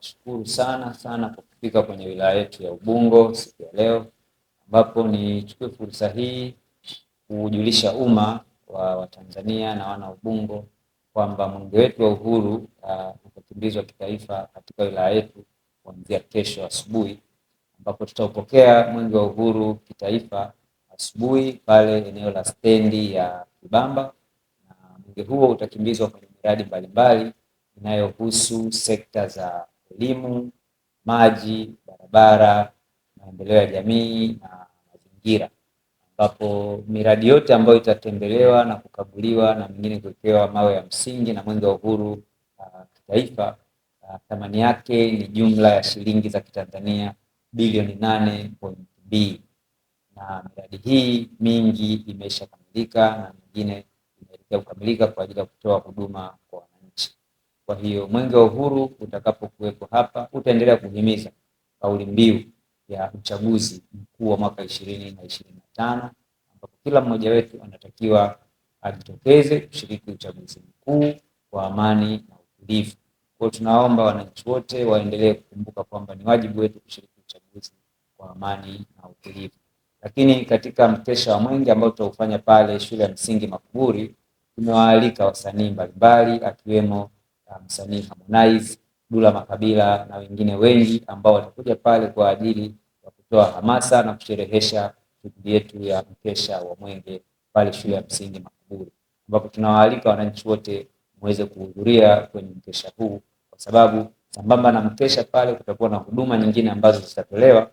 kuwashukuru sana sana kwa kufika kwenye wilaya yetu ya Ubungo siku ya leo, ambapo nichukue fursa hii kujulisha umma wa Watanzania na wana Ubungo kwamba mwenge wetu wa uhuru utakimbizwa ah, kitaifa katika wilaya yetu kuanzia kesho asubuhi, ambapo tutaupokea mwenge wa uhuru kitaifa asubuhi pale eneo la stendi ya Kibamba, na mwenge huo utakimbizwa kwenye miradi mbalimbali inayohusu sekta za elimu, maji, barabara, maendeleo ya jamii na mazingira, ambapo miradi yote ambayo itatembelewa na kukaguliwa na mingine kuwekewa mawe ya msingi na mwenge wa uhuru kitaifa, ah, thamani yake ni jumla ya shilingi za Kitanzania bilioni nane pointi mbili na miradi hii mingi imeshakamilika na mingine imeelekea kukamilika kwa ajili ya kutoa huduma kwa hiyo mwenge wa uhuru utakapokuwepo hapa utaendelea kuhimiza kauli mbiu ya uchaguzi mkuu wa mwaka ishirini na ishirini na tano ambapo kila mmoja wetu anatakiwa ajitokeze kushiriki uchaguzi mkuu kwa amani na utulivu. Kwa hiyo tunaomba wananchi wote waendelee kukumbuka kwamba ni wajibu wetu kushiriki uchaguzi kwa amani na utulivu. Lakini katika mkesha wa mwenge ambao tutaufanya pale shule ya msingi Makuburi, tumewaalika wasanii mbalimbali akiwemo msanii Harmonize, Dula Makabila na wengine wengi ambao watakuja pale kwa ajili ya kutoa hamasa na kusherehesha shughuli yetu ya mkesha wa Mwenge pale shule ya msingi Makuburi, ambapo tunawaalika wananchi wote muweze kuhudhuria kwenye mkesha huu, kwa sababu sambamba na mkesha pale kutakuwa na huduma nyingine ambazo zitatolewa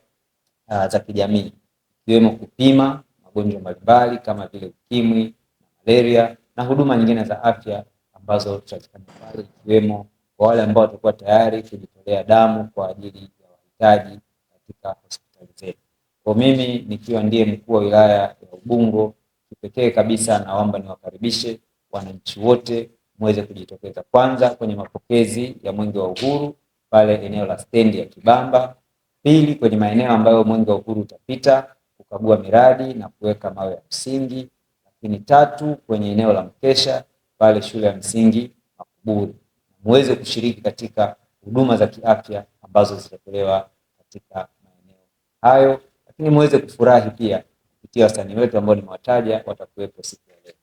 uh, za kijamii ikiwemo kupima magonjwa mbalimbali kama vile ukimwi na malaria na huduma nyingine za afya ambazo tutazifanya pale, ikiwemo kwa wale ambao watakuwa tayari kujitolea damu kwa ajili ya wahitaji katika hospitali zetu. Kwa mimi nikiwa ndiye mkuu wa wilaya ya Ubungo, kipekee kabisa naomba niwakaribishe wananchi wote muweze kujitokeza kwanza kwenye mapokezi ya Mwenge wa Uhuru pale eneo la stendi ya Kibamba, pili kwenye maeneo ambayo Mwenge wa Uhuru utapita kukagua miradi na kuweka mawe ya msingi, lakini tatu kwenye eneo la mkesha pale shule ya msingi Makuburi, muweze kushiriki katika huduma za kiafya ambazo zitatolewa katika maeneo hayo, lakini muweze kufurahi pia kupitia wasanii wetu ambao nimewataja watakuwepo siku ya leo.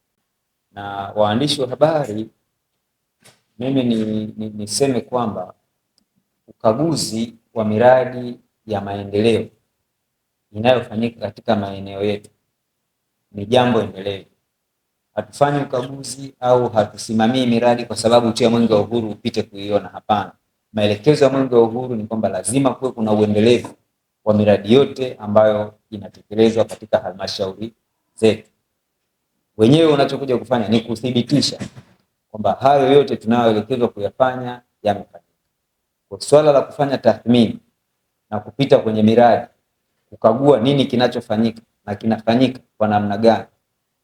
Na waandishi wa habari, mimi niseme ni, ni kwamba ukaguzi wa miradi ya maendeleo inayofanyika katika maeneo yetu ni jambo endelevu hatufanyi ukaguzi au hatusimamii miradi kwa sababu tu ya mwenge wa uhuru upite kuiona. Hapana, maelekezo ya mwenge wa uhuru ni kwamba lazima kuwe kuna uendelevu wa miradi yote ambayo inatekelezwa katika halmashauri zetu. Wenyewe unachokuja kufanya ni kuthibitisha kwamba hayo yote tunayoelekezwa kuyafanya yamefanyika. Kwa swala la kufanya tathmini na kupita kwenye miradi, kukagua nini kinachofanyika na kinafanyika kwa namna gani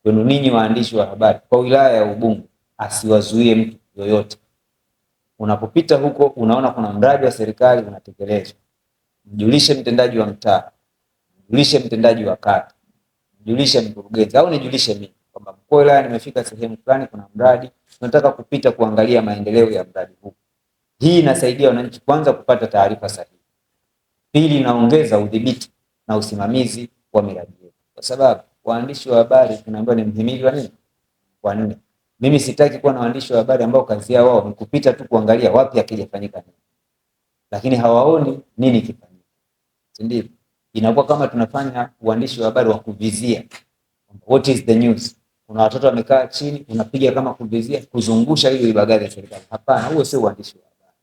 kwenu ninyi waandishi wa habari kwa wilaya ya Ubungo, asiwazuie mtu yoyote. Unapopita huko unaona kuna mradi wa serikali unatekelezwa, mjulishe mtendaji wa mtaa, mjulishe mtendaji wa kata, mjulishe mkurugenzi, au nijulishe mimi kwamba mkuu wa wilaya, nimefika sehemu fulani, kuna mradi tunataka kupita kuangalia maendeleo ya mradi huu. Hii inasaidia wananchi kwanza kupata taarifa sahihi, pili inaongeza udhibiti na usimamizi wa miradi yetu, kwa sababu waandishi wa habari tunaambiwa ni mhimili wa nini? Wa nne. Mimi sitaki kuwa na waandishi wa habari ambao kazi yao wao ni kupita tu kuangalia wapi akijafanyika nini, lakini hawaoni nini kifanyika, si ndio? Inakuwa kama tunafanya uandishi wa habari wa kuvizia, what is the news. Kuna watoto wamekaa chini, unapiga kama kuvizia, kuzungusha hiyo ibagari ya serikali. Hapana, huo sio uandishi wa habari.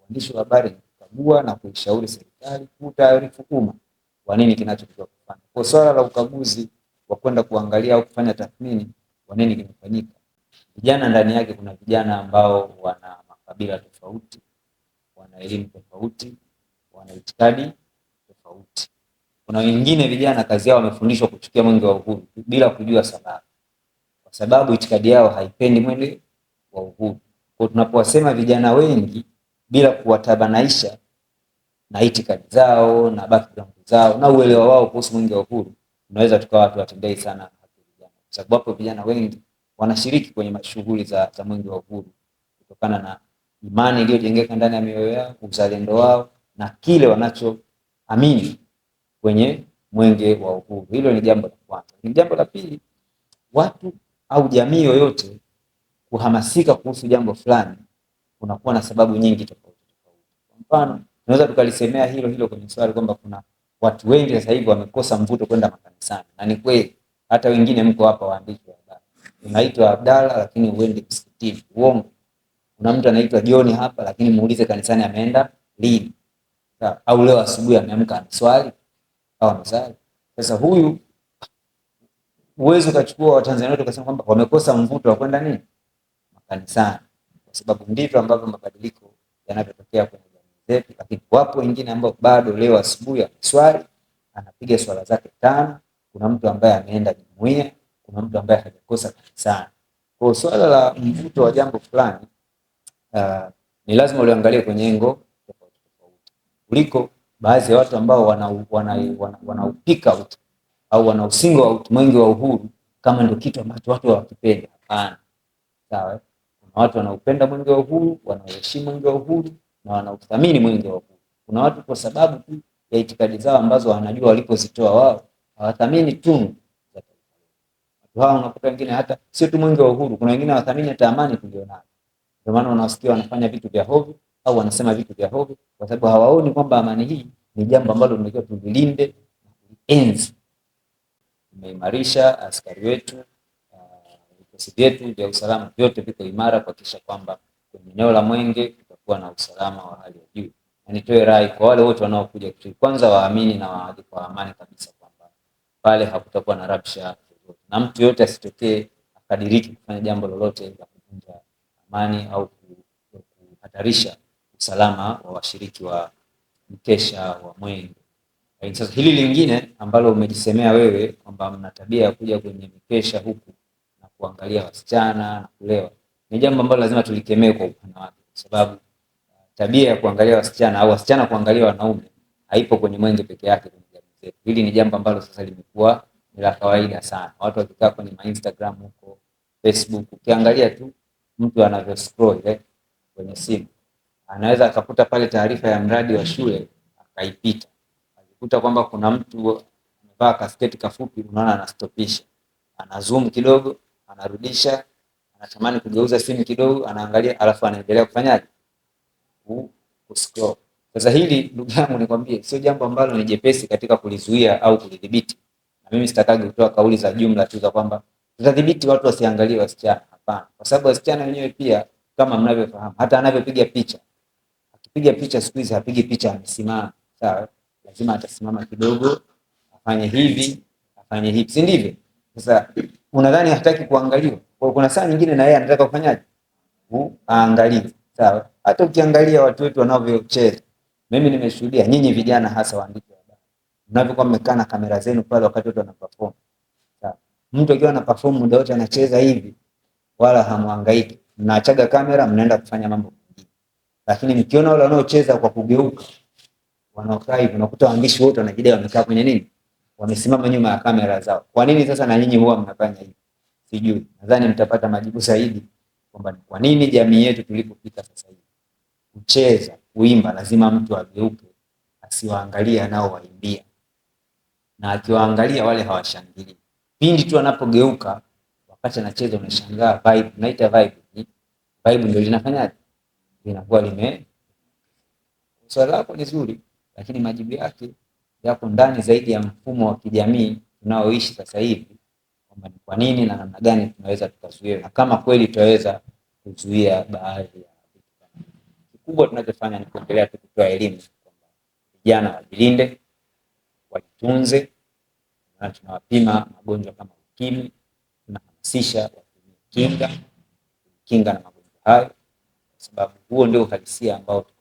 Uandishi wa habari ni kukagua na kuishauri serikali, kutaarifu umma kwa nini kinachotakiwa kufanya. Kwa swala la ukaguzi wa kwenda kuangalia au kufanya tathmini kwa nini kimefanyika. Vijana ndani yake kuna vijana ambao wana makabila tofauti, wana elimu tofauti, wana itikadi tofauti. Kuna wengine vijana kazi yao wamefundishwa kuchukia mwenge wa uhuru bila kujua sababu, kwa sababu itikadi yao haipendi mwenge wa uhuru. Kwa tunapowasema vijana wengi bila kuwatabanaisha na itikadi zao na background zao na uelewa wao kuhusu mwenge wa uhuru tunaweza tukawa watu watembei sana vijana, kwa sababu hapo vijana wengi wanashiriki kwenye shughuli za, za mwenge wa uhuru kutokana na imani iliyojengeka ndani ya mioyo yao, uzalendo wao na kile wanachoamini kwenye mwenge wa uhuru. Hilo ni jambo la kwanza. Ni jambo la pili, watu au jamii yoyote kuhamasika kuhusu jambo fulani kunakuwa na sababu nyingi tofauti tofauti. Kwa mfano, tunaweza tukalisemea hilo hilo kwenye swali kwamba kuna watu wengi sasa hivi wamekosa mvuto kwenda makanisani, na ni kweli. Hata wengine mko hapa waandishi wa habari, unaitwa Abdalla lakini uende msikitini, uongo. Kuna mtu anaitwa John hapa, lakini muulize kanisani ameenda lini? Au leo asubuhi ameamka anaswali au anasali? Sasa huyu uwezo ukachukua Watanzania wote ukasema kwamba wamekosa mvuto wa kwenda nini makanisani, kwa sababu ndivyo ambavyo mabadiliko yanavyotokea kwenye zetu, lakini wapo wengine ambao bado leo asubuhi anaswali, anapiga swala zake tano. Kuna mtu ambaye ameenda jumuiya, kuna mtu ambaye hajakosa kanisani. Kwa swala la mvuto wa jambo fulani, uh, ni lazima uliangalie kwenye engo tofauti tofauti kuliko baadhi ya watu ambao wanaupika wana, wana, wana, au wanausingo wa ulimwengu wa uhuru kama ndio kitu ambacho watu hawakipenda. Hapana, sawa. Kuna watu wanaupenda mwenge wa uhuru, wanaheshimu mwenge wa uhuru na wanauthamini mwenge wa uhuru. Kuna watu kwa sababu tu ya itikadi zao ambazo wanajua walipozitoa wao hawathamini tunu za taifa. Watu hao unakuta wengine hata sio tu mwenge wa uhuru, kuna wengine hawathamini hata amani tulionayo. Ndio maana unasikia wanafanya vitu vya hovyo au wanasema vitu vya hovyo kwa sababu hawaoni kwamba amani hii ni jambo ambalo tunatakiwa tulilinde na kulienzi. Tumeimarisha askari wetu, uh, vikosi uh, vyetu vya usalama vyote viko imara kuhakikisha kwamba kwenye eneo la Mwenge kuwa na usalama wa hali ya juu. Na nitoe rai kwa wale wote wanaokuja Kitui, kwanza waamini na waadi kwa amani kabisa kwamba pale hakutakuwa na rabsha yoyote, na mtu yoyote asitokee akadiriki kufanya jambo lolote la kuvunja amani au kuhatarisha usalama wa washiriki wa mkesha wa mwenge. Sasa hili lingine ambalo umejisemea wewe kwamba mna tabia ya kuja kwenye mikesha huku na kuangalia wasichana na kulewa, ni jambo ambalo lazima tulikemee kwa upana wake, kwa sababu tabia ya kuangalia wasichana au wasichana kuangalia wanaume haipo kwenye Mwenge peke yake kwenye jamii zetu. Hili ni jambo ambalo sasa limekuwa ni la kawaida sana. Watu wakikaa kwenye ma Instagram huko Facebook, ukiangalia tu mtu anavyo scroll eh, kwenye simu anaweza akakuta pale taarifa ya mradi wa shule akaipita, akikuta kwamba kuna mtu amevaa kasketi kafupi, unaona anastopisha, ana zoom kidogo, anarudisha, anatamani kugeuza simu kidogo, anaangalia, alafu anaendelea kufanyaje kuscroll. Sasa hili ndugu yangu nikwambie, sio jambo ambalo ni jepesi katika kulizuia au kulidhibiti, na mimi sitakagi kutoa kauli za jumla tu za kwamba tutadhibiti watu wasiangalie wasichana. Hapana, kwa sababu wasichana wenyewe pia kama mnavyofahamu, hata anavyopiga picha, akipiga picha siku hizi hapigi picha amesimama, sawa? Lazima atasimama kidogo, afanye hivi, afanye hivi, si ndivyo? Sasa unadhani hataki kuangaliwa? Kwa kuna saa nyingine na yeye anataka kufanyaje, aangalie, sawa hata ukiangalia watu wetu wanavyocheza, mimi nimeshuhudia, nyinyi vijana hasa waandishi wa habari mnavyokuwa mmekaa na kamera zenu pale wakati watu wanaperform, sawa. Mtu akiwa ana perform muda wote anacheza hivi, wala hamhangaiki, mnaachaga kamera, mnaenda kufanya mambo mengine. Lakini mkiona wale wanaocheza kwa kugeuka, wanaokaa hivi, unakuta waandishi wote wanajidai wamekaa kwenye nini, wamesimama nyuma ya kamera zao. Kwa nini sasa na nyinyi huwa mnafanya hivi? Sijui, nadhani mtapata majibu zaidi kwamba ni kwa nini jamii yetu tulipofika sasa hivi kucheza, kuimba, lazima mtu ageuke asiwaangalie anaowaimbia, na akiwaangalia wale hawashangilii. Pindi tu anapogeuka wakati anacheza, unashangaa vibe, unaita vibe ni vibe, ndio linafanyaje, linakuwa lime. Swali lako ni zuri, lakini majibu yake yako ndani zaidi ya mfumo wa kijamii tunaoishi sasa hivi, kwamba ni kwa nini na namna gani tunaweza tukazuia, na kama kweli tutaweza kuzuia baadhi ya kikubwa tunachofanya ni kuendelea tu kutoa elimu kwamba vijana wajilinde, wajitunze, na tunawapima magonjwa kama ukimwi, tunahamasisha watumie kinga, kujikinga na magonjwa hayo, kwa sababu huo ndio uhalisia ambao